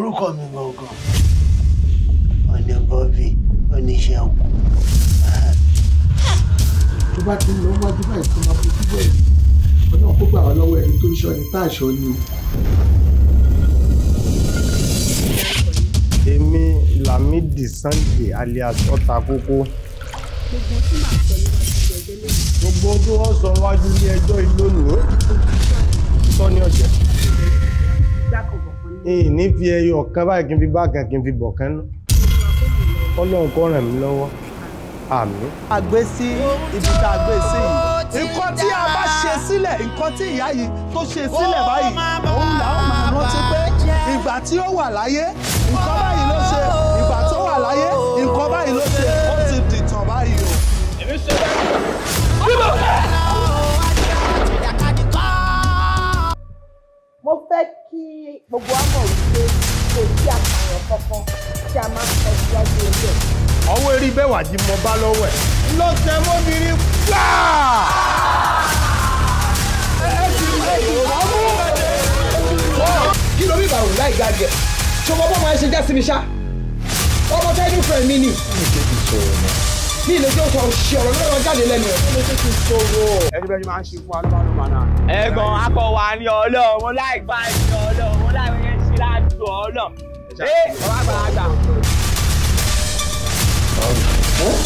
orúkọ mi gangan ọ̀nà bọ́bí oníṣègùn. tó bá ti ń lọ wájú báyìí tó máa fojú bẹ́ẹ̀ ọ̀nà kó gbà wá lọ́wọ́ ẹni tó ń ṣọ́ ni tá àṣọ ni o. èmi Lamidi Sunday alias ọta kókó. gbogbo tí màá sọ níwájú ilé ẹjọ́ lónìí. gbogbo tí wọ́n ìní fi ẹyọ ọ̀kan báyìí kí n fi bá kan kí n fi bọ̀ kan ná ọlọ́run kó ràn mí lọ́wọ́ àmín. a gbé sí ibi tá a gbé sí yìí nǹkan tí a bá ṣe sílẹ̀ nǹkan tí ìyá yìí tó ṣe sílẹ̀ báyìí òun làwọn máa rántí pé ìgbà tí ó wà láyé nǹkan báyìí ló mo fẹ́ kí gbogbo wa mọ̀ wípé kò sí àpàyàn kankan tí a máa ń sọ síwájú orí ẹ̀. ọwọ́ eré bẹ́ẹ̀ wàá di mo bá lọ́wọ́ ẹ̀. ló tẹ mọ́bìnrin gbà. kí ló bí bàrùn láì gàgẹ̀ ṣé ọmọ bọ́ọ̀mù ẹ ṣe já sí ṣá ọmọ tẹ́ fẹ́ mi ni. mi ìlú tó sọ òṣì ọ̀rọ̀ lọ́rọ̀ jáde lẹ́nu ẹ̀. ẹgbẹ́ mi máa ń ṣe fún alúbálùmọ̀ náà. ẹ̀gbọ́n akọ wa ní ọlọ́run mo láì gbá ní ọlọ́run mo láì wẹ́yẹ ṣe láàdùn ọlọ́run ẹ ọwọ́ Oh,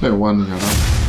bẹ́ẹ̀ wá ní yàrá.